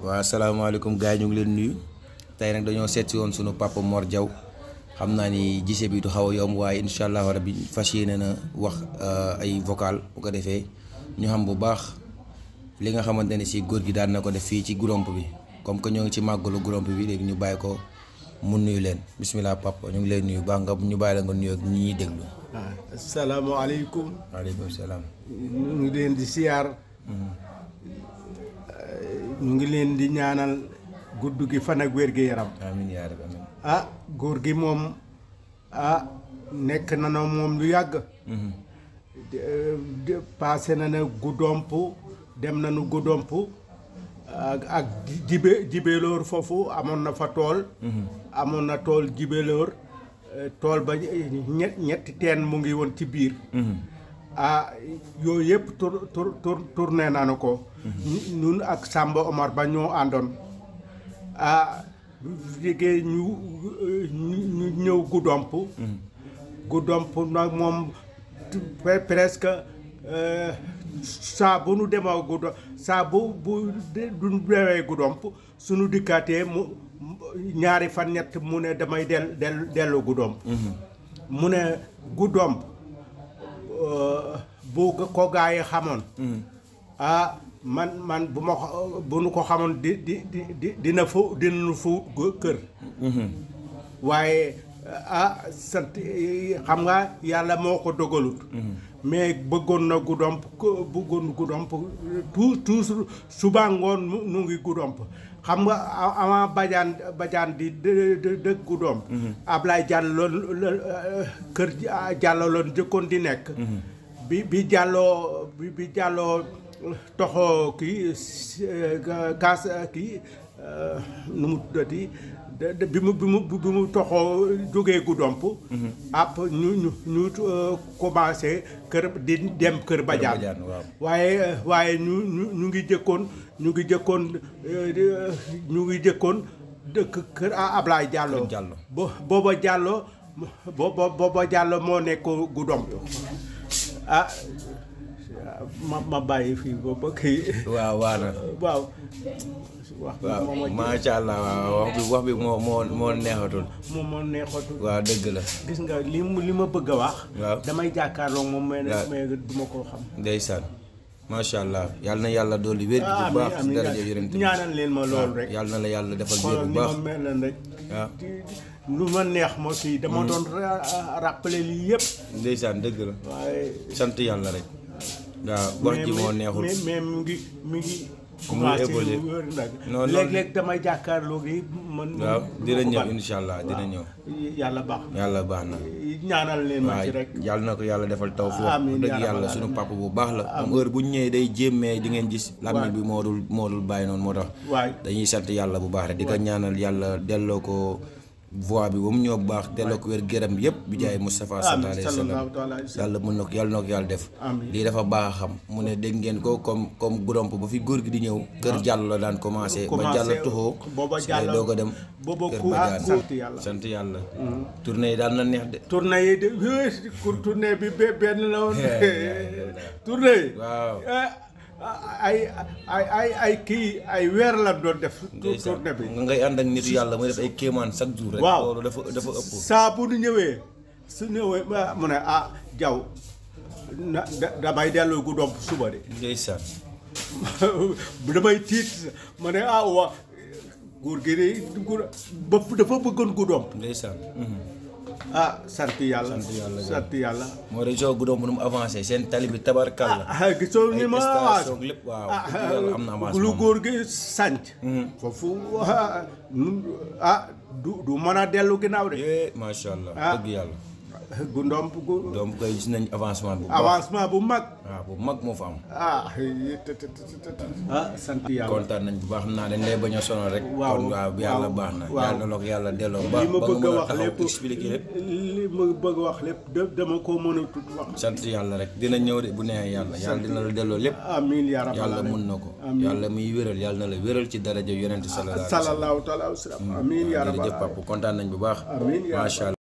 waaw salaamaaleykum gars yi ñu ngi leen nuyu tey nag dañoo seet si woon sunu papa Mor Diaw xam naa ni gise bi du xaw a yomb waaye incha allah rabi fas yéene na wax euh, ay vocal bu ko defee ñu xam bu baax li nga xamante ne si góor gi daal na ko def fii ci Goudomp bi comme que ñoo ngi ci màggalu Goudomp bi léegi ñu bàyyi ko mu nuyu leen bisimilah papa ñu ngi leen nuyu baax nga ñu bàyyi la nga nuyu ak ñi ñuy déglu. waaw ah, salaamaaleykum. waaleykum salaam. ñu ngi leen mu ngi leen di ñaanal gudd gi fan ak wér gi yaram amiin yaa ah, góor gi moom a ah, nekk na moom lu yàgg mhm. paase na na guddomp dem na nu guddomp ak jibe jibelóor foofu amoon na fa tool mhm. amoon na tool jibelóor eh, tool ba ñet ñetti teen mu ngi woon ci biir mhm. ah yooyu yëpp tour tour tour tourné nañu ko. ñun mhm. ak Samba Omar ba ñoo àndoon ah liggéey ñu ñu ñëw Goudomp. Mhm. Goudomp nag moom presque saa bu nu demoo Goudomp saa bu bu duñ demee Goudomp suñu dikkaatee mu ñaari fan ñett mu ne damay del del dellu Goudomp. mu mhm. ne Goudomp. bu ko gaa yi xamoon ah, man man bu ma bu nu ko xamoon di di di dina fo dina fu kër waaye ah sant xam nga yàlla moo ko dogalut mais bëggoon na Goudomp bëggoon Goudomp tout mu suba ngoon nu ngi Goudomp xam nga avant Badiane Badiane di dëkk Goudomp mhm. Ablaye Diallo kër Diallo loon jëkkoon di nekk mhm. bi bi Diallo bi bi Diallo toxo ki eh, gas eh, ki eh, nu mu tuddati bi mu bi mu bi mu toxoo jógee gu domp app mm-hmm. ñu ñu ñu euh, commencé kër di dem kër ba Badiane waaye waaye ñu ñu ñu ngi jëkkoon ñu ngi jëkkoon euh, euh, ñu ngi jëkkoon dëkk kër Ablaye Diallo bo booba Diallo booba Diallo moo nekk gu domp ah, ma ma bàyyi fii ba ba kii. waaw waaw na waaw. wax bi moom ak allah waaw wax bi wax bi moo moo moo neexatul. moo moo neexatul. waaw dëgg la. gis nga li mu li ma bëgg a wax. waaw damay jàkkaarloo moom. waaw mais mais du ma koo xam. ndeysaan. macha allah yal na yàlla dolli wér bu baax ci leen ma loolu rek yal na la yàlla defal wér bu baax lu ma neex moo si dama mm. doon rappelé lii yëpp ndeysaan dëgg la waaye sant yàlla rek waaw góor ji moo neexul mais mu ngi mu ngi. mu ngi évolué non léeg-léeg damay jàkkaarloo gi man. waaw dina ñëw incha allah dina ñëw. yàlla baax na yàlla baax na. ñaanal leen ma ci rek yàlla na ko yàlla defal taw foofu. amiin dëgg yàlla sunu papa bu baax la. moom heure bu ñëwee day jéemee di ngeen gis. waaw bi moo dul moo dul bàyyi noonu moo tax. dañuy sant yàlla bu baax rek di ko ñaanal yàlla delloo ko. voix bi ba mu ñoo baax delloo ko wér gërëm yëpp bi jaay Moustapha sallallahu alayhi wa sallam yàlla mën na ko yàlla na ko yàlla def lii dafa baax a xam mu ne dégg ngeen ko comme comme guromp ba fi góor gi di ñëw kër jàll ah. la daan commencé ba jàll tuxoo si lay doog a dem kër ba jàll sant yàlla mm. tournée yi daal na neex de tournée yi de eh, tournée bi benn la woon tournée yi waaw eh, ay ay ay kii ay weer la doon def. tournée bi ngay ànd ak nit yàlla muy def ay kéemaan chaque jour. rek loolu dafa dafa ëpp. saa bu nu ñëwee su ñëwee mu ne ah jaw na damay delloo gu domp suba de. ndeysaan. damay tiit ma ne ah wa góor gi de góor bopp dafa bëggoon gu domp. ndeysaan. ah sant yàlla sant yàlla. moo région Goudomp bu nu avancé seen tali bi tabarkalla. Ah, ah gisoo ni ma waaw lépp waaw. Ah, na ah, avancé lu góor gi sànc. Mhm. foofu du du mën a dellu ginnaaw de. Eh, macha allah dëgg yàlla. gu ndomp gu. donc kay nañ avancement bu. avancement bu mag. waaw ah, bu mag moo fa am. ah, ah sant yàlla. kontaan nañ bu baax naa dañ lay bañ a rek. waaw kon waaw yàlla baax na. waaw yàlla yàlla delloo. ba ba nga mën lépp li ma bëgg wax lépp dama koo mën sant yàlla rek dina ñëw de bu neexee yàlla. yàlla dina la delloo lépp. amiin yaa rabbal aalamiin yàlla mun na ko. amiin yàlla muy wéral yàlla na la wéral ci daraja yonent sallallahu alayhi wa sallam. amiin yaa kontaan nañ bu baax.